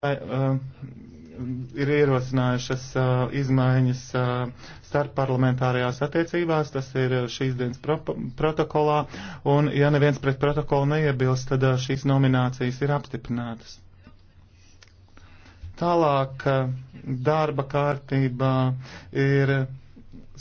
Um, ir ierosinājušas uh, izmaiņas uh, starpparlamentārajās attiecībās, tas ir uh, šīs dienas protokolā, un ja neviens pret protokolu neiebilst, tad šīs nominācijas ir apstiprinātas. Tālāk darba kārtībā ir